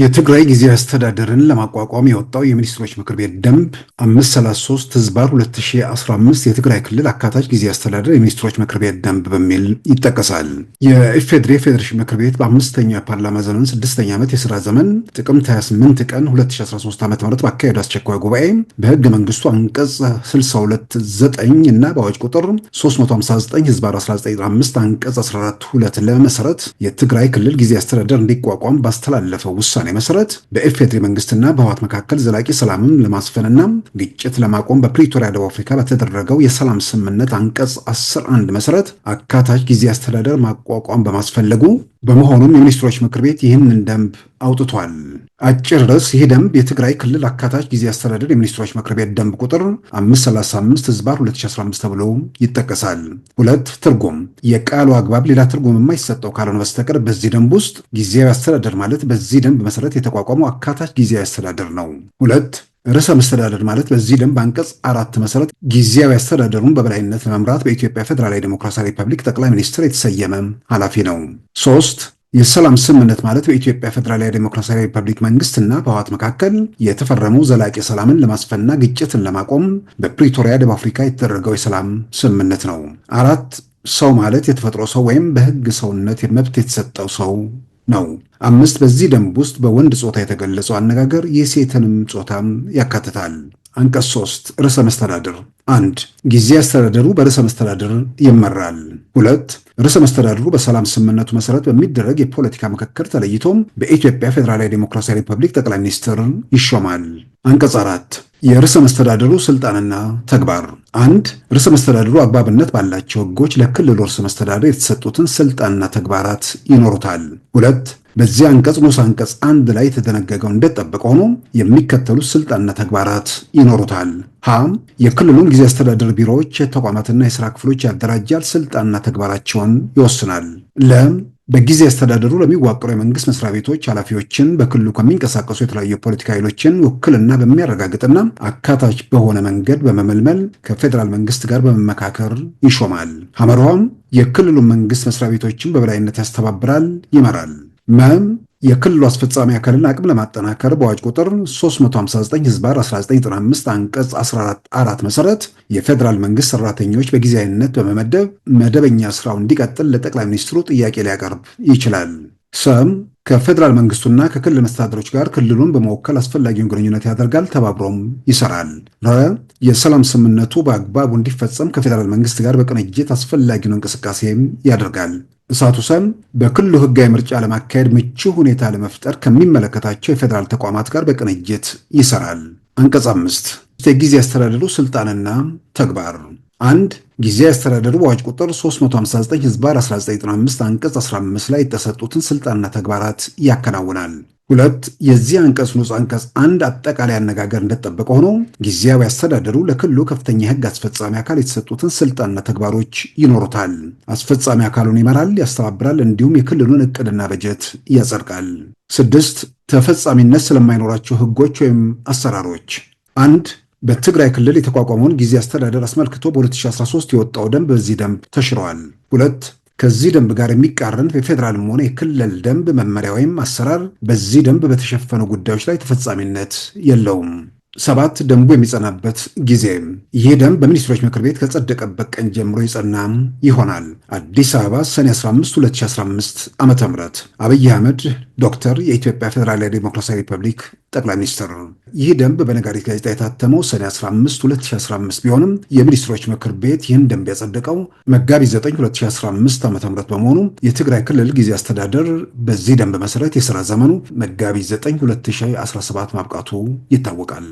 የትግራይ ጊዜ አስተዳደርን ለማቋቋም የወጣው የሚኒስትሮች ምክር ቤት ደንብ 533 ህዝባር 2015 የትግራይ ክልል አካታች ጊዜ አስተዳደር የሚኒስትሮች ምክር ቤት ደንብ በሚል ይጠቀሳል። የኢፌዴሪ ፌዴሬሽን ምክር ቤት በአምስተኛ ፓርላማ ዘመን ስድስተኛ ዓመት የስራ ዘመን ጥቅምት 28 ቀን 2013 ዓ ም ባካሄዱ አስቸኳይ ጉባኤ በህገ መንግስቱ አንቀጽ 629 እና በአዋጅ ቁጥር 359 ህዝባር 1995 አንቀጽ 142 ለመሰረት የትግራይ ክልል ጊዜ አስተዳደር እንዲቋቋም ባስተላለፈው ውሳ ውሳኔ መሰረት በኢፌዴሪ መንግስትና በህዋት መካከል ዘላቂ ሰላምን ለማስፈንና ግጭት ለማቆም በፕሪቶሪያ ደቡብ አፍሪካ በተደረገው የሰላም ስምምነት አንቀጽ 11 መሰረት አካታች ጊዜ አስተዳደር ማቋቋም በማስፈለጉ በመሆኑም የሚኒስትሮች ምክር ቤት ይህንን ደንብ አውጥቷል። አጭር ርዕስ ይህ ደንብ የትግራይ ክልል አካታች ጊዜ አስተዳደር የሚኒስትሮች ምክር ቤት ደንብ ቁጥር 535 ህዝባር 2015 ተብሎ ይጠቀሳል። ሁለት ትርጉም የቃሉ አግባብ ሌላ ትርጉም የማይሰጠው ካልሆነ በስተቀር በዚህ ደንብ ውስጥ ጊዜያዊ አስተዳደር ማለት በዚህ ደንብ መሰረት የተቋቋመው አካታች ጊዜያዊ አስተዳደር ነው። ሁለት ርዕሰ መስተዳደር ማለት በዚህ ደንብ አንቀጽ አራት መሰረት ጊዜያዊ አስተዳደሩን በበላይነት ለመምራት በኢትዮጵያ ፌዴራላዊ ዴሞክራሲያዊ ሪፐብሊክ ጠቅላይ ሚኒስትር የተሰየመ ኃላፊ ነው። ሶስት የሰላም ስምምነት ማለት በኢትዮጵያ ፌዴራላዊ ዴሞክራሲያዊ ሪፐብሊክ መንግስትና በህወሓት መካከል የተፈረመው ዘላቂ ሰላምን ለማስፈንና ግጭትን ለማቆም በፕሪቶሪያ ደቡብ አፍሪካ የተደረገው የሰላም ስምምነት ነው። አራት ሰው ማለት የተፈጥሮ ሰው ወይም በህግ ሰውነት መብት የተሰጠው ሰው ነው። አምስት በዚህ ደንብ ውስጥ በወንድ ጾታ የተገለጸው አነጋገር የሴትንም ጾታም ያካትታል። አንቀጽ 3 ርዕሰ መስተዳድር አንድ ጊዜ አስተዳደሩ በርዕሰ መስተዳድር ይመራል። ሁለት ርዕሰ መስተዳድሩ በሰላም ስምምነቱ መሰረት በሚደረግ የፖለቲካ ምክክር ተለይቶም በኢትዮጵያ ፌዴራላዊ ዴሞክራሲያዊ ሪፐብሊክ ጠቅላይ ሚኒስትር ይሾማል። አንቀጽ አራት የርዕሰ መስተዳደሩ ስልጣንና ተግባር አንድ ርዕሰ መስተዳድሩ አግባብነት ባላቸው ህጎች ለክልሉ ርዕሰ መስተዳድር የተሰጡትን ስልጣንና ተግባራት ይኖሩታል። ሁለት በዚህ አንቀጽ ንዑስ አንቀጽ አንድ ላይ የተደነገገው እንደጠበቀ ሆኖ የሚከተሉት ስልጣንና ተግባራት ይኖሩታል። ሀ የክልሉን ጊዜ አስተዳደር ቢሮዎች፣ ተቋማትና የስራ ክፍሎች ያደራጃል፣ ስልጣንና ተግባራቸውን ይወስናል። ለም በጊዜ አስተዳደሩ ለሚዋቀሩ የመንግስት መስሪያ ቤቶች ኃላፊዎችን በክልሉ ከሚንቀሳቀሱ የተለያዩ የፖለቲካ ኃይሎችን ውክልና በሚያረጋግጥና አካታች በሆነ መንገድ በመመልመል ከፌዴራል መንግስት ጋር በመመካከር ይሾማል። ሐመርኋም የክልሉ መንግስት መስሪያ ቤቶችን በበላይነት ያስተባብራል፣ ይመራል። መም የክልሉ አስፈጻሚ አካልን አቅም ለማጠናከር በአዋጅ ቁጥር 359 ህዝባር 1995 አንቀጽ 14 መሰረት የፌዴራል መንግስት ሰራተኞች በጊዜያዊነት በመመደብ መደበኛ ስራው እንዲቀጥል ለጠቅላይ ሚኒስትሩ ጥያቄ ሊያቀርብ ይችላል። ሰም ከፌዴራል መንግስቱና ከክልል መስተዳድሮች ጋር ክልሉን በመወከል አስፈላጊውን ግንኙነት ያደርጋል፣ ተባብሮም ይሰራል። ረ የሰላም ስምምነቱ በአግባቡ እንዲፈጸም ከፌዴራል መንግስት ጋር በቅንጅት አስፈላጊውን እንቅስቃሴም ያደርጋል። እሳቱ ሰም በክልሉ ህጋዊ ምርጫ ለማካሄድ ምቹ ሁኔታ ለመፍጠር ከሚመለከታቸው የፌዴራል ተቋማት ጋር በቅንጅት ይሰራል። አንቀጽ አምስት የጊዜ አስተዳደሩ ስልጣንና ተግባር አንድ ጊዜ አስተዳደሩ በአዋጅ ቁጥር 359 ህዝባር 1995 አንቀጽ 15 ላይ የተሰጡትን ስልጣንና ተግባራት ያከናውናል። ሁለት የዚህ አንቀጽ ንዑስ አንቀጽ አንድ አጠቃላይ አነጋገር እንደተጠበቀ ሆኖ ጊዜያዊ አስተዳደሩ ለክልሉ ከፍተኛ የህግ አስፈጻሚ አካል የተሰጡትን ስልጣንና ተግባሮች ይኖሩታል። አስፈጻሚ አካሉን ይመራል፣ ያስተባብራል፣ እንዲሁም የክልሉን እቅድና በጀት ያጸድቃል። ስድስት ተፈጻሚነት ስለማይኖራቸው ህጎች ወይም አሰራሮች አንድ በትግራይ ክልል የተቋቋመውን ጊዜ አስተዳደር አስመልክቶ በ2013 የወጣው ደንብ በዚህ ደንብ ተሽረዋል። ሁለት ከዚህ ደንብ ጋር የሚቃረን የፌዴራልም ሆነ የክልል ደንብ መመሪያ ወይም አሰራር በዚህ ደንብ በተሸፈኑ ጉዳዮች ላይ ተፈጻሚነት የለውም። ሰባት ደንቡ የሚጸናበት ጊዜ ይህ ደንብ በሚኒስትሮች ምክር ቤት ከጸደቀበት ቀን ጀምሮ ይጸናም ይሆናል። አዲስ አበባ ሰኔ 15 2015 ዓ ም አብይ አህመድ ዶክተር የኢትዮጵያ ፌዴራላዊ ዴሞክራሲያዊ ሪፐብሊክ ጠቅላይ ሚኒስትር። ይህ ደንብ በነጋሪት ጋዜጣ የታተመው ሰኔ 15 2015 ቢሆንም የሚኒስትሮች ምክር ቤት ይህን ደንብ ያጸደቀው መጋቢት 9 2015 ዓ ም በመሆኑ የትግራይ ክልል ጊዜ አስተዳደር በዚህ ደንብ መሰረት የሥራ ዘመኑ መጋቢት 9 2017 ማብቃቱ ይታወቃል።